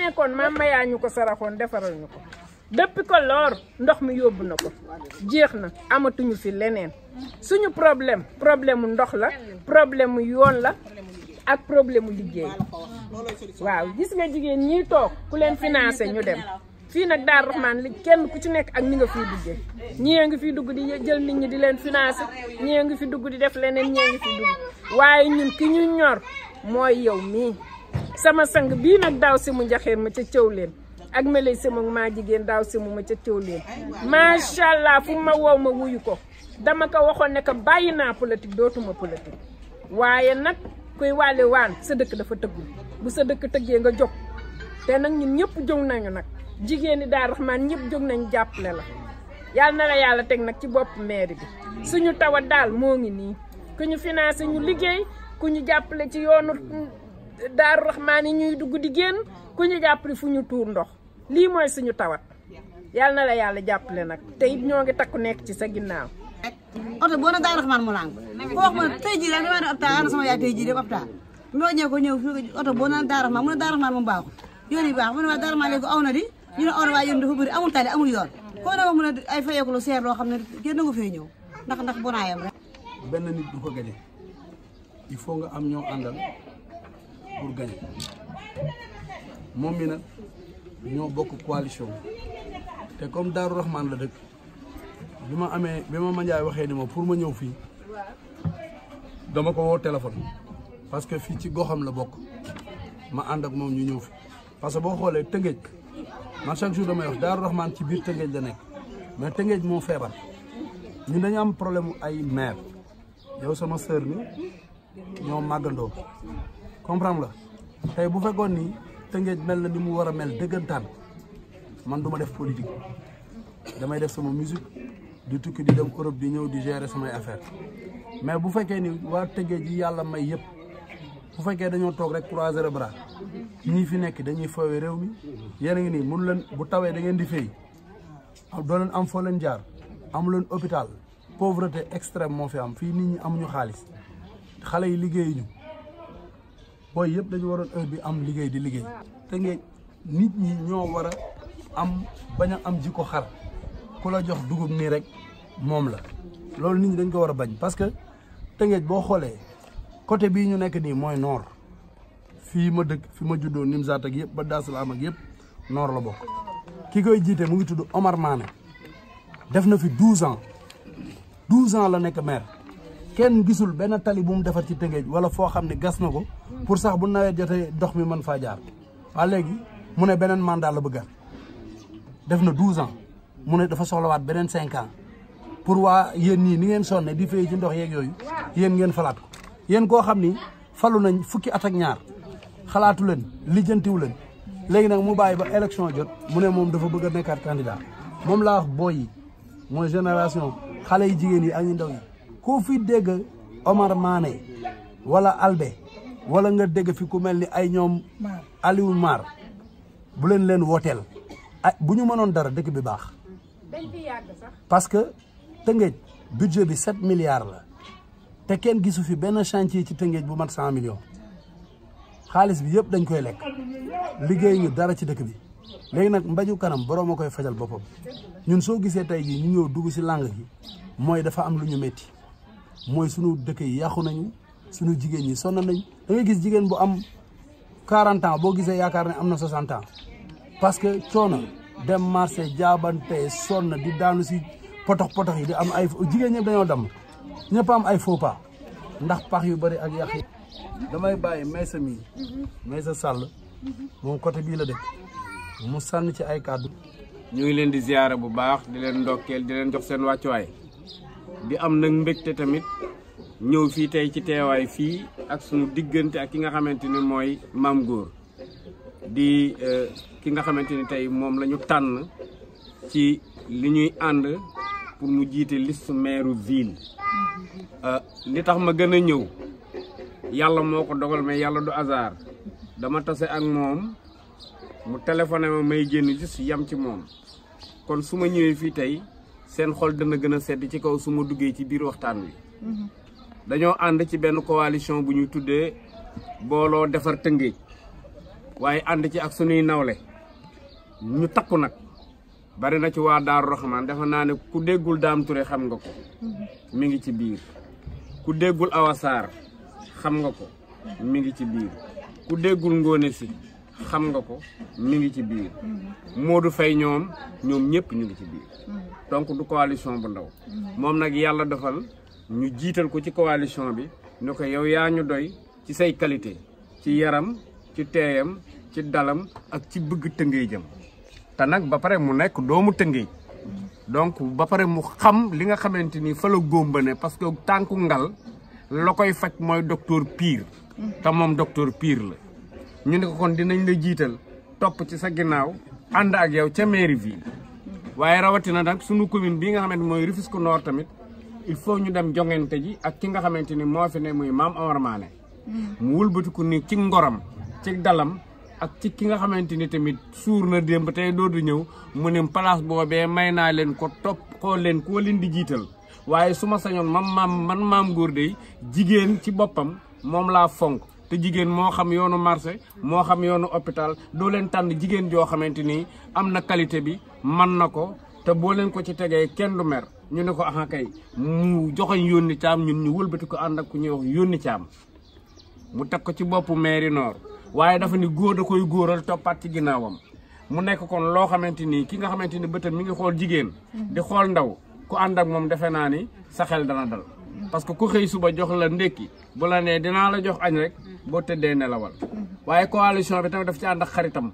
nekkoon maam mayaa ñu ko saraxoon defaral ñu ko depuis que lor ndox mi yóbbu na ko jeex na amatuñu fi leneen suñu problème problème mu ndox la problème mu yoon la ak problème mu liggéey waaw gis nga jigéen ñii toog ku leen financé ñu dem fii nag Daaru Rahmane li kenn ku ci nekk ak ñi nga fiy duggee ngi fi dugg di jël nit ñi di leen financé ñii ngi fi dugg di def leneen ñii ngi fi dugg waaye ñun ki ñu ñor mooy yow mii sama sang bii nag daaw si mu njaxeer ma ca cëw leen ak melay sama maa jigéen daaw si mu ma ca cëw leen macha allah fu ma woo ma wuyu ko dama ko waxoon ne ko bàyyi naa politique dootuma politique waaye nag kuy wàlle waan sa dëkk dafa tëggul bu sa dëkk tëggee nga jóg te nag ñun ñëpp jóg nañu nag jigéen ñi daal raxmaan ñëpp jóg nañu jàppale la yàlla na la yàlla teg nag ci bopp mairie bi suñu tawat daal moo ngi nii ku ñu financé ñu liggéey ku ñu jàppale ci yoonu daaru raxmaan yi ñuy dugg di génn ku ñu jàppale fu ñu tuur ndox lii mooy suñu tawat yàlla na la yàlla jàppale nag te it ñoo ngi takku nekk ci sa ginnaaw. oto boo na daaru raxmaan mu làng ko wax ma tey jii daal damaa ne opitaal ana sama yaay tey jii ñëw ko boo na daaru raxmaan mu ne daaru baax mu ne waa daaru raxmaan léegi aw na di ñu ne aw na waa yoon dafa bëri amul tali amul yoon koo ne wax mu ne ay lu seer loo xam ne kenn nangu fee ñëw ndax ndax bonaayam rek benn nit du ko gañe il faut nga am ñoo àndal pour gagner moom mi nag ñoo bokk coalition te comme Daaru Rahman la dëkk bi ma amee bi ma Mandiaye waxee ni ma pour ma ñëw fii dama ko woo téléphone parce que fii ci goxam la bokk ma ànd ak moom ñu ñëw fi parce que boo xoolee Tëngéej man chaque jour damay wax Daaru Rahman ci biir Tëngéej la nekk mais Tëngéej moom feebar ñu dañu am problème ay maire yow sama sœur ni ñoo màggandoo comprendre la tey bu fekkoon ni Tëngéej mel na ni mu war a mel dëggantaan man du def politik damay def sama musique di tukki di dem Europe di ñëw di gere samay affaire mais bu fekkee ni waa Tëngéej yi yàlla may yëpp bu fekkee dañoo toog rek croiser bra bras ñii fi nekk dañuy foowee réew mi yéen a ngi nii mun leen bu tawee da ngeen di fay doo leen am foo leen jaar amu leen hôpital pauvreté extrême moo fi am fii nit ñi amuñu xaalis xale yi liggéeyuñu booy yëpp dañu waroon heure bi am liggéey di liggéey te ngeen nit ñi ñoo war a am bañ a am jiko xar ku la jox dugub nii rek moom la loolu nit ñi dañ ko war a bañ parce que Tëngéej boo xoolee côté bii ñu nekk nii mooy noor fii ma dëkk fi ma juddoo Nimzaat ak yëpp ba Daasalaam ak yëpp noor la bokk ki koy jiite mu ngi tudd Omar Mané def na fi douze ans douze ans la nekk maire kenn gisul benn tali bu mu defar ci Tëngéej wala foo xam ne gas na ko pour sax bu nawet jotee ndox mi mën faa jaar waa léegi mu ne beneen mandat la bëggaat def na douze ans mu ne dafa soxlawaat beneen cinq ans pour waa yéen ñii ni ngeen sonne di fay i ndox yeeg yooyu yéen ngeen falaat ko yéen koo xam ni falu nañ fukki at ñaar xalaatu leen lijjantiwu leen léegi nag mu bàyyi ba élection jot mu ne moom dafa bëgg a nekkaat candidat moom laa wax booy yi mooy génération xale yi jigéen yi ak ñu ku fi dégg Omar Mané wala albe wala nga dégg fi ku mel ni ay ñoom Aliou bu leen leen wooteel ah bu ñu mënoon dara dëkk bi baax parce que Tëngéej budget bi sept milliards la te kenn gisu fi benn chantier ci Tëngéej bu mat cent millions xaalis bi yëpp dañ koy lekk liggéey ñu dara ci dëkk bi léegi nag mbaju kanam borom a koy fajal boppam ñun soo gisee tey jii ñu ñëw dugg si lang gi mooy dafa am lu ñu métti mooy sunu dëkk yi yàqu nañu sunu jigéen ñi sonn nañ da gis jigéen bu am 40 ans boo gisee yaakaar ne am na 60 ans parce que coono dem marché jaabante sonn di daanu si potox potox yi di am ay jigéen ñëpp dañoo dem ñëpp am ay faux pas ndax pax yu bëri ak yàq damay bàyyi Maysa mi Maysa Sall moom côté bii la dëkk mu sànn ci ay kàddu. ñu ngi leen di ziyaare bu baax di leen ndokkeel di leen jox seen wàccuwaay. di am nag mbégte tamit ñëw fii tey ci teewaay fii ak suñu diggante ak ki nga xamante ni mooy maam góor di euh, ki nga xamante ni tey moom lañu tànn ci li ñuy ànd pour mu jiite listu maire ville euh, li tax ma gën a ñëw yàlla moo ko dogal mais yàlla du hasard dama tase ak moom mu téléphoné ma may génn juste yam ci moom kon su ma fii tey seen xol dana gën a sedd ci kaw su ma duggee ci biir waxtaan wi mhm. dañoo ànd ci benn coalition bu ñu tuddee booloo defar Tëngéej waaye ànd ci ak sunuy nawle ñu takku nag bari na ci waa Daaru Raxmaan dafa naa ne ku déggul Daam Ture xam nga ko mhm. mi ngi ci biir ku déggul Awa xam nga ko mhm. mi ngi ci biir ku déggul Ngóone Si xam nga ko mi ngi ci biir Modou Faye ñoom ñoom ñëpp ñu ngi ci biir donc du coalition bu ndaw moom nag yàlla defal ñu jiital ko ci coalition bi ne ko yow yaa ñu doy ci say qualité ci yaram ci teeyam ci dalam ak ci bëgg tëngéej jëm te nag ba pare mu nekk doomu tëngéej donc ba pare mu xam li nga xamante ni fa la góomba ne parce que tànku ngal la koy faj mooy docteur piir te moom docteur piir la ñu ne ko kon dinañ la jiital topp ci sa ginnaaw ànd ak yow ca mairie ville waaye rawatina nag sunu commune bii nga xamante mooy Rufisque noor tamit il faut ñu dem jongante ji ak ki nga xamante ni moo fi ne muy maam Omar Mané mu wëlbatiku ni ci ngoram ci dalam ak ci ki nga xamante ni tamit suur na démb tey doodu ñëw mu ne place boobee may naa leen ko topp xool leen koo leen di jiital waaye su ma sañoon man maam man maam góor dey jigéen ci boppam moom laa fonk te jigéen moo xam yoonu marché moo xam yoonu hôpital doo leen tànn jigéen joo xamante ni am na qualité bi man na ko te boo leen ko ci tegee kenn du mer ñu ne ko aha kay mu joxoñ yónni caam ñun ñu wëlbati ko ànd ak ku ñuy wax yónni caam mu teg ko ci boppu mairie Nord waaye dafa ni góor da koy góoral toppaat ci ginnaawam mu nekk kon loo xamante ni ki nga xamante ni bëtam mi ngi xool jigéen di xool ndaw ku ànd ak moom defe naa ni sa xel dana dal parce que ku xëy suba jox la ndékki bu la nee dinaa la jox añ rek boo tëddee nelawal waaye coalition bi tamit daf ci ànd xaritam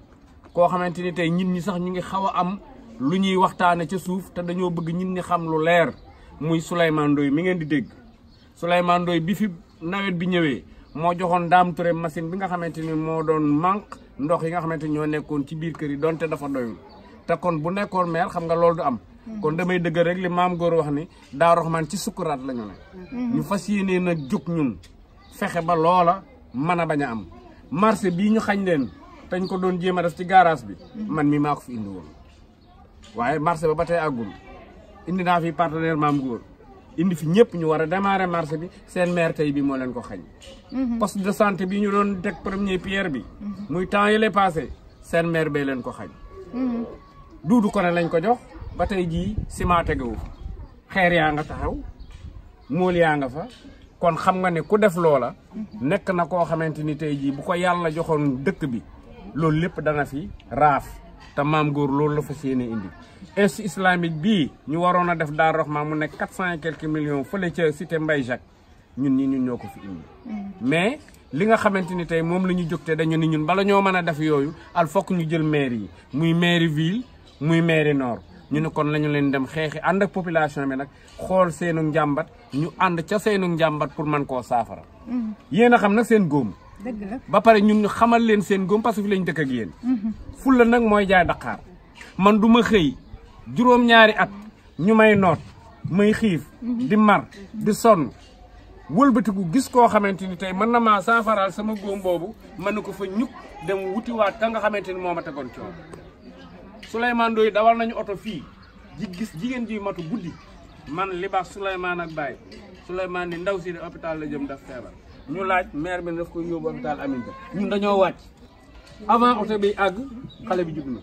koo xamante ni tey ñit ñi sax ñu ngi xaw a am lu ñuy waxtaane ca suuf te dañoo bëgg ñit ñi xam lu leer muy Souleymane Ndoye mi ngeen di dégg Souleymane Ndoye bi fi nawet bi ñëwee moo joxoon Dame Touré machine bi nga xamante ni moo doon manque ndox yi nga xamante ni ñoo nekkoon ci biir kër yi donte dafa doyul te kon bu nekkoon maire xam nga loolu du am Mm-hmm. kon damay dëgg rek li maam góor wax ni Daaru man ci sukkuraat la ñu ne. Mm-hmm. ñu fas yéenee nag jóg ñun fexe ba loola man a bañ am marché bii ñu xañ leen tañ ko doon jéem a def ci garage bi. Mm-hmm. man mi maa ko fi indi woon waaye marché ba ba tey àggul indi naa fi partenaire maam góor indi fi ñëpp ñu war a démarrer marché bi seen maire tey bi moo leen ko xañ poste de santé bi ñu doon teg premier pierre bi. muy temps yële passé seen maire bay leen ko xañ duudu ko ne lañ ko jox. ba tey jii ciment tegewu fa xeer yaa taxaw móol fa kon xam nga ne ku def loola nekk na koo xamante ni tey jii bu ko yàlla joxoon dëkk bi loolu lépp dana fi raaf te maam góor loolu la fa séene indi institut islamique bii ñu waroon a def Daaru Rahmaan mu nekk quatre cent et quelques millions fële ca cité ñun ñi ñun ñoo ko fi indi mm. mais li nga xamante ni tey moom la ñu jóg te dañu ni ñun bala ñoo mën a def yooyu al fokk ñu jël maire yi muy maire ville muy maire noor ñu ne kon lañu leen dem xeexi ànd a population bi nag xool seenu njàmbat ñu ànd ca seenu njàmbat pour man koo saafara. Mm-hmm. yéen a xam nag seen góom. dëgg la ba pare ñun xamal leen seen góom parce que fi lañ dëkk ak yéen. Mm-hmm. fulla nag mooy jaay daqaar man du ma xëy juróom-ñaari at ñu may noot may xiif. Mm-hmm. di mar di sonn. wëlbatiku gis koo xamante ni tey mën na maa saafaraal sama góom boobu mën na ko fa ñu dem wutiwaat ka nga xamante ni moo ma tegoon coono. Souleymane Ndoye dawal nañu oto fii ji gis jigéen ji matu guddi man li baax Souleymane ak Baye Souleymane ni ndaw si de hôpital la jëm daf feebar ñu laaj maire bi daf ko yóbbu hôpital Aminta ñun dañoo wàcc avant oto bi àgg xale bi jub na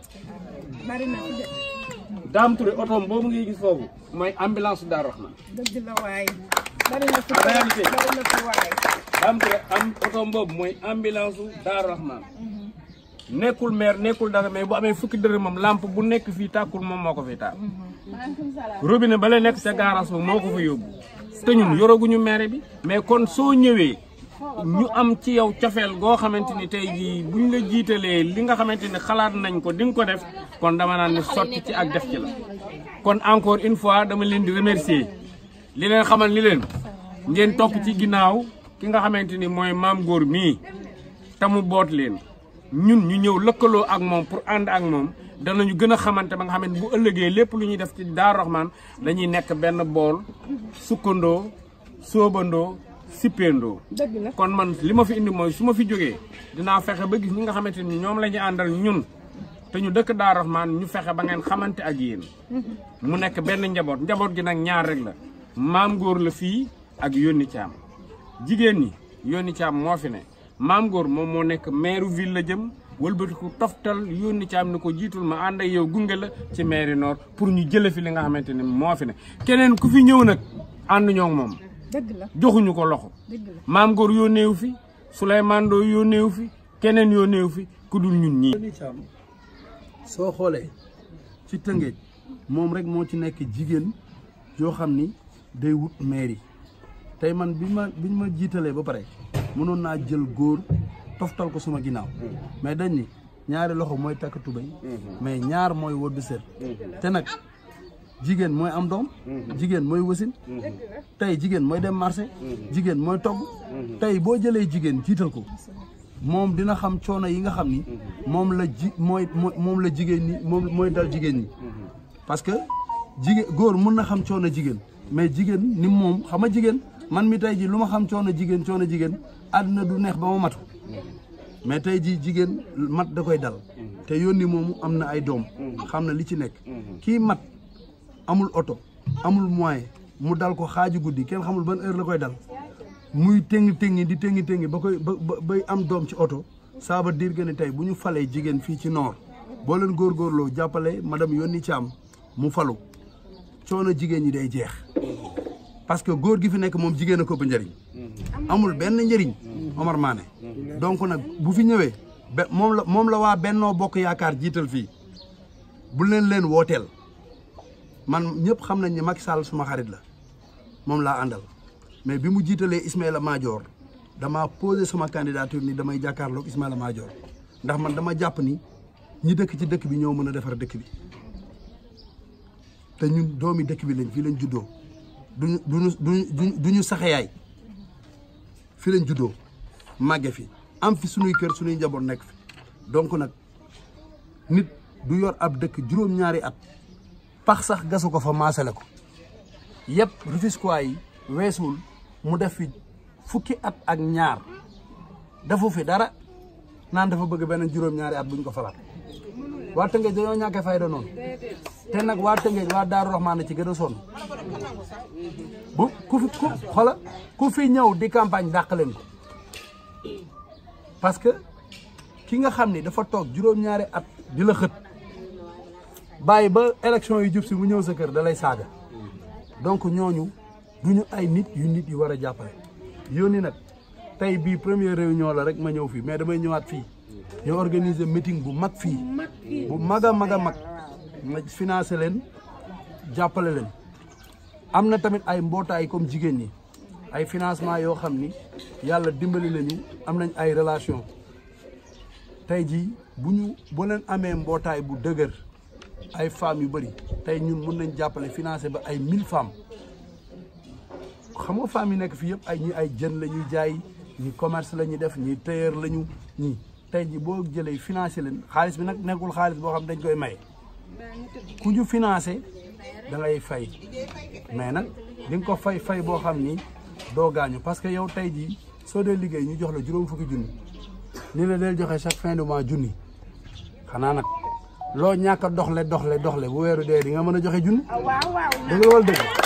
daam Touré otoom boobu ngay gis foofu mooy ambulance daar wax na dëgg la waay am mooy ambulance daar wax nekkul meer nekkul dara mais bu amee fukki dërëmam làmp bu nekk fii tàkkul moom moo ko fi taal. robinet ba la nekk sa garage ba moo ko fa yóbbu. te ñun yoraguñu maire bi. mais kon soo ñëwee ñu am ci yow cofeel goo xamante ni tey jii buñ la jiitalee li nga xamante ni xalaat nañ ko di nga ko def kon dama naan ne sotti ci ak def ci la. kon encore une fois dama leen di remercier li leen xamal ni leen ngeen topp ci ginnaaw ki nga xamante ni mooy maam góor mii te mu boot leen. ñun ñu ñëw lëkkaloo ak moom pour ànd ak moom danañu gën a xamante ba nga xam ne bu ëllëgee lépp lu ñuy def ci Daaru Rahman dañuy nekk benn bool sukkandoo soobandoo sippendoo kon man li ma fi indi mooy su ma fi jógee dinaa fexe ba gis ñi nga xamante ni ñoom la ñu àndal ñun te ñu dëkk Daaru ñu fexe ba ngeen xamante ak yéen mm-hmm. mu nekk benn njaboot njaboot gi nag ñaar rek la maam góor la fii ak yónni caam jigéen ñi yónni caam moo fi ne maam Góor moom moo nekk maire ville la jëm wëlbatiku toftal yónni ci am na ko jiitul ma ànd ak yow gunge la ci mairie nord pour ñu jële fi li nga xamante ne moo fi ne keneen ku fi ñëw nag ànd ñoo moom. dëgg la joxuñu ko loxo. maam Góor yónnee wu fi Souleymane Ndoye yónnee wu fi keneen yónnee wu fi ku dul ñun ñii. soo xoolee ci Tëngéej moom rek moo ci nekk jigéen yoo xam ni day wut mairie tey man bi ma bi ma jiitalee ba pare. mënoon naa jël góor toftal ko suma ginnaaw mais dañ ni ñaari loxo mooy takk tubéy mais ñaar mooy wodd sër te nag jigéen mooy am doom jigéen mooy wasin tey jigéen mooy dem marché jigéen mooy togg tey boo jëlee jigéen jiital ko moom dina xam coono yi nga xam ni moom la ji mooy moom la jigéen ñi moom mooy dal jigéen ñi parce que jigéen góor mën na xam coono jigéen mais jigéen ni moom xam a jigéen man mi tey ji lu ma xam coono jigéen coono jigéen àdduna du neex ba ma matu mais tey jii jigéen mat da koy dal te yónni moomu am na ay doom xam na li ci nekk kii mat amul oto amul moyen mu dal ko xaaju guddi kenn xamul ban heure la koy dal muy téngi téngi di téngi téngi ba koy ba bay am doom ci oto ça veut ne tey bu ñu falee jigéen fii ci noor boo góor góorgóorloo jàppale madame yónni Thiam mu falu coono jigéen ñi day jeex parce que góor gi fi nekk moom jigéen a ko ba njëriñ amul benn njëriñ Omar Mané donc nag bu fi ñëwee moom la moom la waa Bennoo Bokk Yaakaar jiital fii bu leen leen wooteel man ñëpp xam nañ ne Macky Sall suma xarit la moom laa àndal mais bi mu jiitalee Ismaïla Madior damaa posé suma candidature ni damay jàkkaarloog Ismaïla majoor ndax man dama jàpp ni ñi dëkk ci dëkk bi ñoo mën a defar dëkk bi te ñun doomi dëkk bi lañ fii lañ juddoo duñu duñu duñu duñu saxeyaay fi lañ juddoo màgge fi am fi suñuy kër suñuy njaboot nekk fi donc nag nit du yor ab dëkk juróom-ñaari at pax sax gasu ko fa maasale ko yëpp Rufisquois yi weesul mu def fi fukki at ak ñaar defu fi dara naan dafa bëgg beneen juróom-ñaari at buñ ko waa Tëngéej dañoo ñàkk fayda noonu te nag waa Tëngéej waa Daaru Rahmaan ci gën a sonn bu ku fi ku fi ñëw di campagne dàq leen ko parce que ki nga xam ni dafa toog juróom-ñaari at di la xët bàyyi ba élection yu jub si mu ñëw sa kër da saaga donc ñooñu ñu ay nit yu nit yi war a jàppale yónni nag tey bii première réunion la rek ma ñëw fii mais damay ñëwaat fii ñoo organiser meeting bu mag fii bu mag a mag a mag ma financé leen jàppale leen am na tamit ay mbootaay comme jigéen ñi ay financement yoo xam ni yàlla dimbali lañu am nañ ay relation tey jii bu ñu boo leen amee mbootaay bu dëgër ay femmes yu bëri tey ñun mun nañ jàppale financé ba ay mille femmes xam nga femmes yi nekk fii yëpp ay ñu ay jën la ñuy jaay ñi commerce la ñuy def ñi tailleur la ñu ñi tey ji boo jëlee financé leen xaalis bi nag nekkul xaalis boo xam dañ koy may ku ñu financé da fay mais nag di ko fay fay boo xam ni doo gaañu parce que yow tey jii soo dee liggéey ñu jox la juróom fukki junni ni la del joxe chaque fin de mois junni xanaa nag loo ñàkk a doxle doxle doxle bu weeru dee di nga mën a joxe junni ah, dëgg la wala dëgg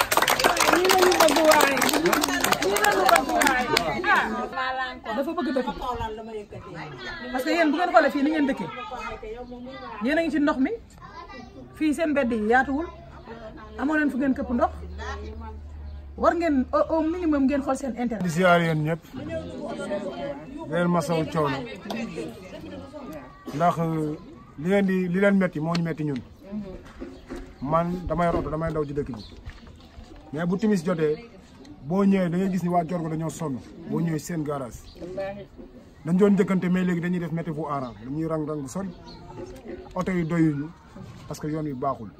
dafa bëgg dëkk parce que yéen bu ngeen fii ni ngeen dëkkee yéen a ngi ci ndox mi fii seen mbedd yi yaatuwul amoo leen fu ngeen këpp ndox war ngeen au minimum ngeen xool seen intérêt. di ziar yéen ñëpp leen masaw coow ndax euh, li leen di li leen metti moo ñu metti ñun man damay roto damay daw ci dëkk bi mais bu timis jotee. boo ñëwee da ngay gis ni waa Jorgo dañoo sonn boo ñëwee seen garage dañ doon njëkkante mais léegi dañuy def métti fu aaraan dañuy rang-rang bu sori oto yi doyuñu parce que yoon wi baaxul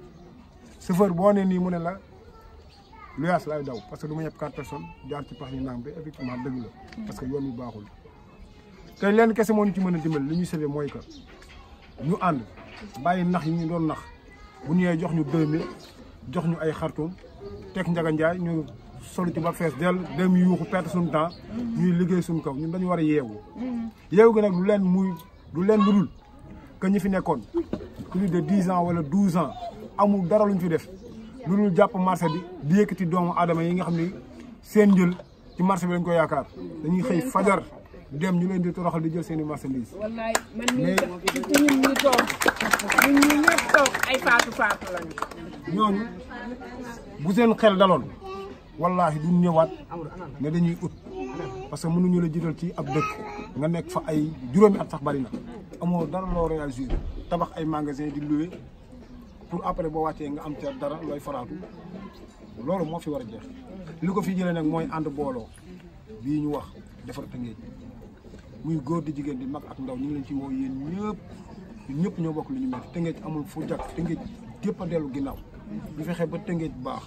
chauffeur boo nee nii mu ne la luyaas laay daw parce que du ma ñëpp quatre personnes jaar ci pax yi naam ba effectivement dëgg la parce que yoon wi baaxul tey leen kese moo ñu ci mën a dimbali li ñu sauvé mooy que ñu ànd yi nax yi ngi doon nax bu ñëwee jox ñu deux mille jox ñu ay xartum teg njaga njaay ñu solu ci ba fees del dem yuuxu perte suñu ñuy liggéey suñu kaw ñun dañu war a yeewu yeewu gi nag lu leen muy lu leen lu dul que ñi fi nekkoon plus de dix ans wala douze ans amul dara luñ fi def lu dul jàpp marché bi di yëkkati doomu aadama yi nga xam ni seen jël ci marché bi lañ ko yaakaar dañuy xëy fajar dem ñu leen di toroxal di jël seeni i marchandises. wallaay man mii seen xel daloon. wallaahi duñ ñëwaat ne dañuy ut parce que mënuñu la jiital ci ab dëkk nga nekk fa ay juróomi at sax bari na amoo dara loo réagir tabax ay magasin di louer pour après boo wàccee nga am ca dara looy faraatu loolu moo fi war a jeex li ko fi jëlee nag mooy ànd booloo bii ñu wax defar Tëngéej muy góor di jigéen di mag ak ndaw ñu ngi leen ci woo yéen ñëpp ñëpp ñoo bokk li ñu metti Tëngéej amul fu jàkk Tëngéej gépp a dellu ginnaaw ñu fexee ba Tëngéej baax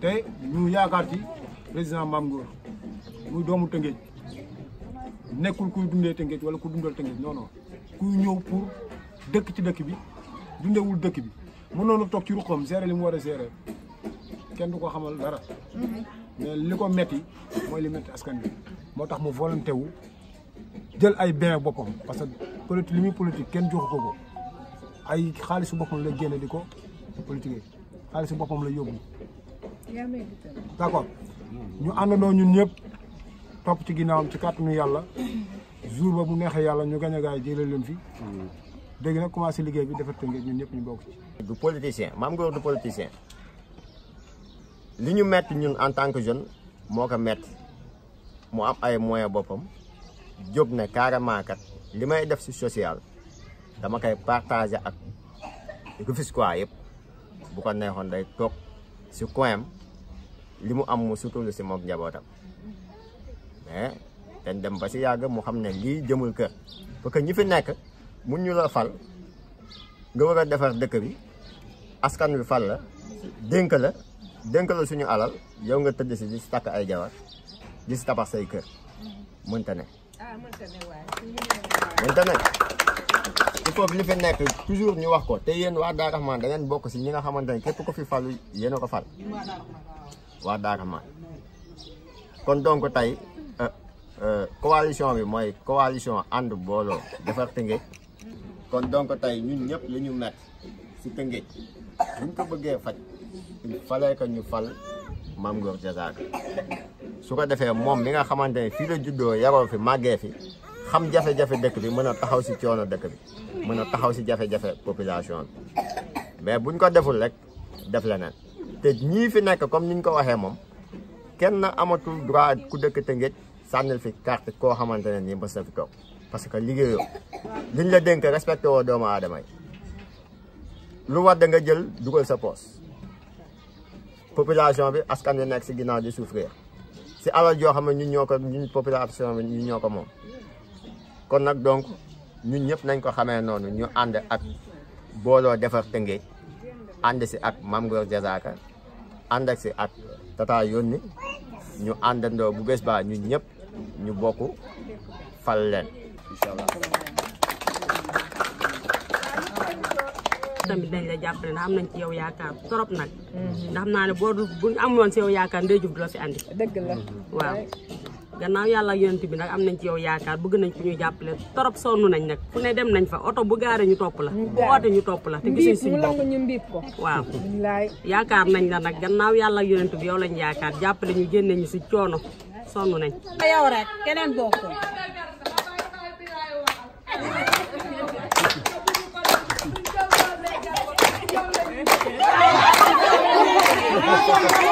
te ñu yaakaar ci président Mame muy doomu Tëngéej nekkul kuy dundee Tëngéej wala ku dundal Tëngéej non non kuy ñëw pour dëkk ci dëkk bi dundewul dëkk bi mënoon a toog ci ruqam gérer li mu war a gérer kenn du ko xamal dara mais li ko metti mooy li metti askan bi moo tax mu volonté wu jël ay benn boppam parce que politique li muy politique kenn joxu ko ko ay xaalisu boppam la génne di ko politique xaalisu boppam la yóbbu d'accord ñu àndandoo ñun ñëpp topp ci ginnaaw ci kàttanu yàlla jour ba bu neexee yàlla ñu gañ a leen fi dégg na commencé liggéey bi defar tënkee ñun ñëpp ñu bokk ci. du politicien maam nga wax du politicien li ñu metti ñun en tant que jeune moo ko metti mu am ay moyens boppam jóg ne carrément kat li may def si social dama koy partager ak Rufisquois yëpp bu ko neexoon day toog si coin li mu am mu suturlu si mook njabootam mais dañ dem ba si yàgg mu xam ne ngi jëmul kër parce que ñi fi nekk mu ñu la fal nga war a defar dëkk bi askan wi fal la dénk la dénk la suñu alal yow nga tëdd si di takk ay jawar di si tabax say kër mënta ne ah, mënta ne il faut li fi nekk toujours ñu wax ko te yéen waa Darou Rahmane da bokk si ñi nga xamante ne képp ko fi falu yéen a ko fal waa Daara man kon donc tey euh, euh, coalition bi mooy coalition ànd booloo defar Tëngéej kon donc tey ñu ñëpp li ñu met si Tëngéej buñ ko bëggee faj il fallait que ñu fal Mame Ngor Diazaka su ko defee moom mi nga xamante ne fii la juddoo yaroo fi màggee fi xam jafe-jafe dëkk bi mën a taxaw si coono dëkk bi mën a taxaw si jafe-jafe population bi mais buñ ko deful rek def leneen te ñii fi nekk comme niñ ko waxee moom kenn amatul droit ku dëkk Tëngéej sànnil fi kart koo xamante ne nii ba na fi toog parce que liggéeyoo liñ la dénk respecté woo doomu aadama lu war danga jël dugal sa poos population bi askan wi nekk si ginaaw di souffrir si alal joo xam ne ñun ñoo ko ñu population bi ñun ñoo ko moom kon nag donc ñun ñëpp nañ ko xamee noonu ñu ànd ak booloo defar Tëngéej ànd si ak Mame Goor Diazaka ànd si ak tata yónni ñu àndandoo bu bees ba ñu ñëpp ñu bokk fal leen incha allah tamit dañ la jàppale ndax am nañ ci yow yaakaar trop nag ndax xam naa ne boo bu amoon si yow yaakaar ndey jub du la waaw gannaaw yàlla yonent bi nag am nañ ci yow yaakaar bëgg nañ ku ñu jàppale torop sonn nañ nag fu ne dem nañ fa oto bu gaare ñu topp la bu oote ñu topp la te gisuñ suñu yaakaar nañ la nag gannaaw yàlla yonent bi yow lañ yaakaar jàppale ñu génne ñu si coono sonn nañ yow rek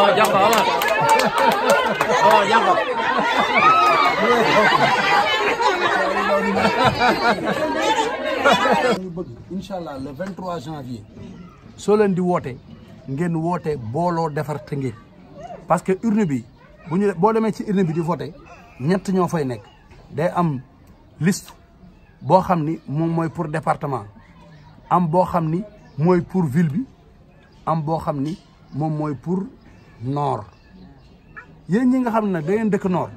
Rồi dắt allah le 23 janvier soo leen di woote ngeen woote booloo defar Tëngéej parce que urne bi bu ñu boo demee ci urne bi di voté ñett ñoo fay nekk day am liste boo xam ni moom mooy pour département am boo xam ni mooy pour ville bi am boo xam ni moom mooy pour noor yéen ñi nga xam ne da ngeen dëkk noor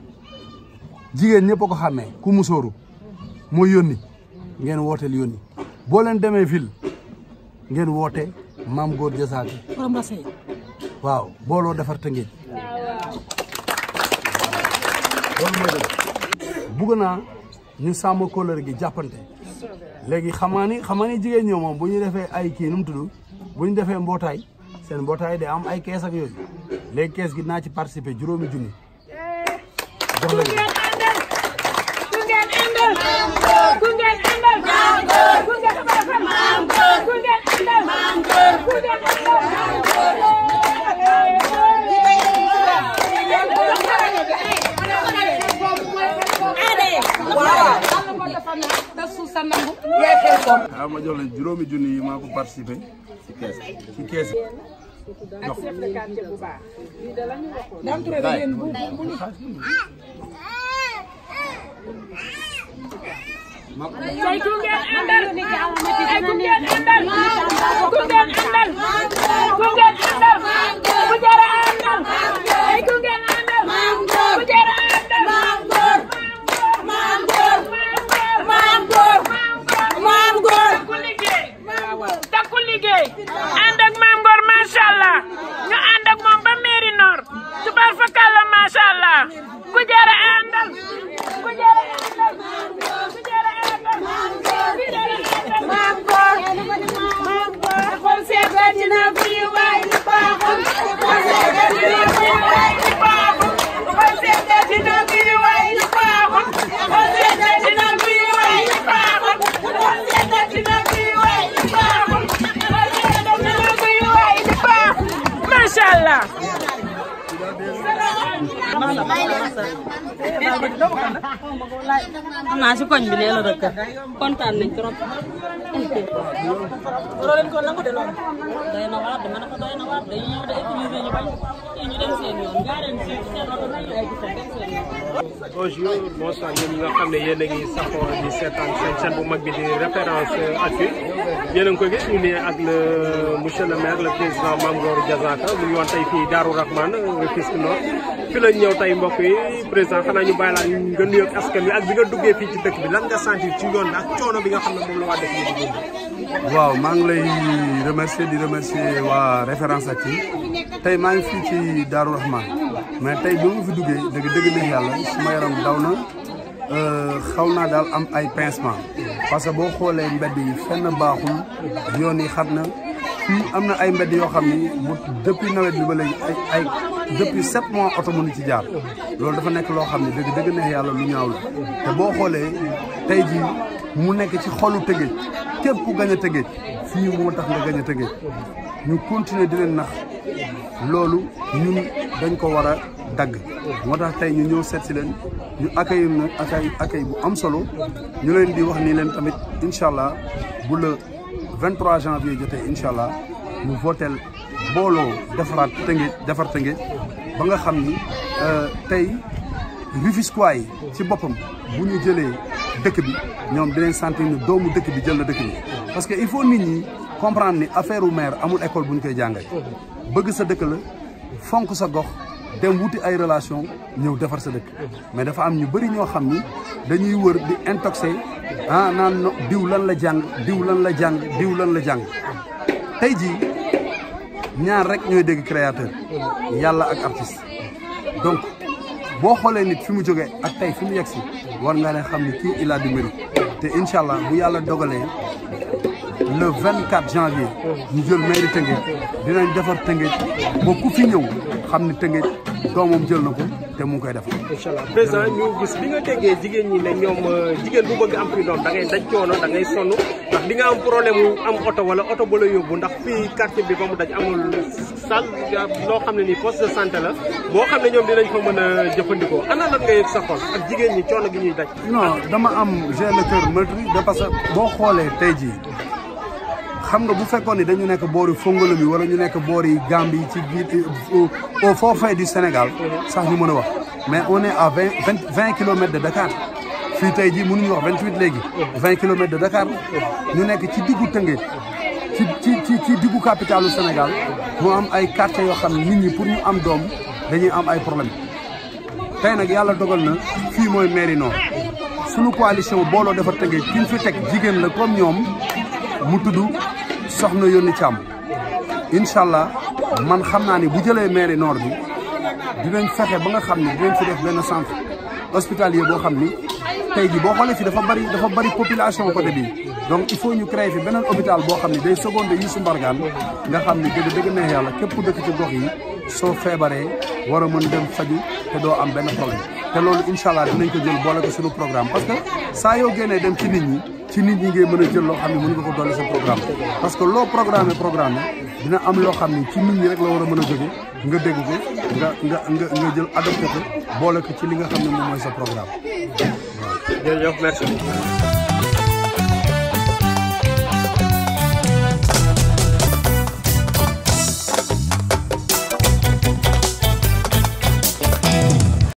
jigéen ñëpp ko xàmmee ku musóoru mooy yónni ngeen wooteel yónni boo leen demee ville ngeen woote mam góor jasaake waaw booloo defar te ngeen loolu ñu sàmm kóllëre gi jàppante léegi xamaa ni xamaa ni jigéen ñoo moom bu ñu defee ay kii nu mu tudd bu ñu defee mbootaay seen mbootaay day am ay kees ak yooyu léegi kees gi naa ci participer juróomi junni jox la ko. waaw ma jox leen juróomi junni yi maa ko participé ci kees ci kees ak chef de quartier bu baax lii da la ñu waxoon. daan ture da ngeen bu bu ñu. saytu ngeen àndal saytu ngeen àndal. xam bi nee la dëkk kontaan nañ trop. loolu ko nangu de loolu. la gis dem seen nga xam ne yéen ngi safoo di seetaan seen chaîne bu mag bi di référence actu yéen ngi ko gis ñu ne ak le monsieur le maire le président Mame Gor Diazaka mu ngi woon tey fii Darou Rahman Rufisque Nord. fi lañ ñëw tey mbokk yi président xanaa ñu bàyyi laa nga nuyoog askan wi ak bi nga duggee fii ci dëkk bi lan nga sentir ci yoon bi ak coono bi nga xam ne moom la waa dëkk bi di waaw maa ngi lay remercier di remercier waa référence yi tey maa ngi fii ci Darou Rahman mais tey bi ma fi duggee dëgg dëgg nañ yàlla suma yaram daw na euh, xaw naa daal am ay pincement parce que boo xoolee mbedd yi fenn baaxul yoon yi xat na. fii am na ay mbedd yoo xam ne bu depuis nawet bi ba léegi ay ay depuis sept mois oto mënu ci jaar loolu dafa nekk loo xam ne dëgg dëgg neex yàlla lu ñaaw la te boo xoolee tey jii mu nekk ci xolu Tëngéej képp ku gañ a Tëngéej fii moo tax nga gañ a Tëngéej ñu continuer di leen nax loolu ñun dañ ko war a dagg moo tax tey ñu ñëw seet si leen ñu accueil na accueil accueil bu am solo ñu leen di wax nii leen tamit incha allah bu la 23 janvier jotee incha allah ñu votel booloo defaraat tënge defar tënge ba nga xam ni euh, tey Rufisquois yi ci boppam bu ñu jëlee dëkk bi ñoom dinañ sentir ne doomu dëkk bi jël la dëkk bi parce que il faut nit ñi comprendre ni affaire u maire amul école bu ñu koy jàngale bëgg sa dëkk la fonk sa gox dem wuti ay relation ñëw defar sa dëkk mais dafa am ñu bëri ñoo xam ni dañuy wër di intoxé ah naan diw lan la jàng diw lan la jàng diw lan la jàng tey jii ñaar rek ñooy dégg créateur yàlla ak artiste donc boo xoolee nit fi mu jógee ak tey fi mu yegg si war nga ne xam ni kii il a du te incha allah bu yàlla dogalee le 24 janvier ñu jël mairie Tëngéej dinañ defar Tëngéej ba ku fi ñëw xam ne Tëngéej doomam jël na ko te mu koy def. incha allah président ñu gis bi nga déggee jigéen ñi ne ñoom euh, jigéen bu bëgg am fii doom da ngay daj coono da ngay sonn ndax di nga am problème am oto wala oto ba la yóbbu ndax fii quartier bi ba mu daj amul salle loo xam ne nii poste de santé la boo xam ne ñoom dinañ ko mën a jëfandikoo ana lan ngay yëg sa xol ak jigéen ñi coono gi ñuy daj. non dama am j'ai le cœur de parce que boo xoolee tey jii. xam nga bu fekkoon ni dañu nekk boori fongolo bi wala ñu nekk boori Gambie ci biir euh, au forfait du Sénégal sax ñu mën a wax mais au est à vingt vingt vingt kilomètres de Dakar fii tey jii mënuñu wax vingt huit léegi. vingt kilomètres de Dakar ñu nekk ci diggu Tëngéej ci ci ci diggu capitalu Sénégal mu am ay quartiers yoo xam ne nit ñi pour ñu am doom dañuy am ay problème tey nag yàlla dogal na fii mooy mairie Nord sunu coalition booloo dafa Tëngéej ki ñu fi teg jigéen la comme ñoom mu soxna yónni càmm incha allah man xam naa ni bu jëlee mairie nord bi dinañ fexe ba nga xam ni dinañ fi def benn centre hospitalier boo xam ni tey jii boo xoolee fi dafa bari dafa bari population côté bii donc il faut ñu créer beneen hôpital boo xam ne day secondé Youssou Mbargane nga xam ni dëgg dëgg neex yàlla képp ku dëkk ci gox yi soo feebaree war a mën dem faju te doo am benn problème te loolu incha allah dinañ ko jël boole ko suñu programme parce que saa yoo génnee dem ci nit ñi. ci nit ñi ngee mën a jël loo xam ne mën nga ko dolli sa programme parce que loo programme programme dina am loo xam ne ci nit ñi rek la war a mën a jóge nga dégg ko nga nga nga jël adopté ko boole ko ci li nga xam ne moom mooy sa programme. jërëjëf merci.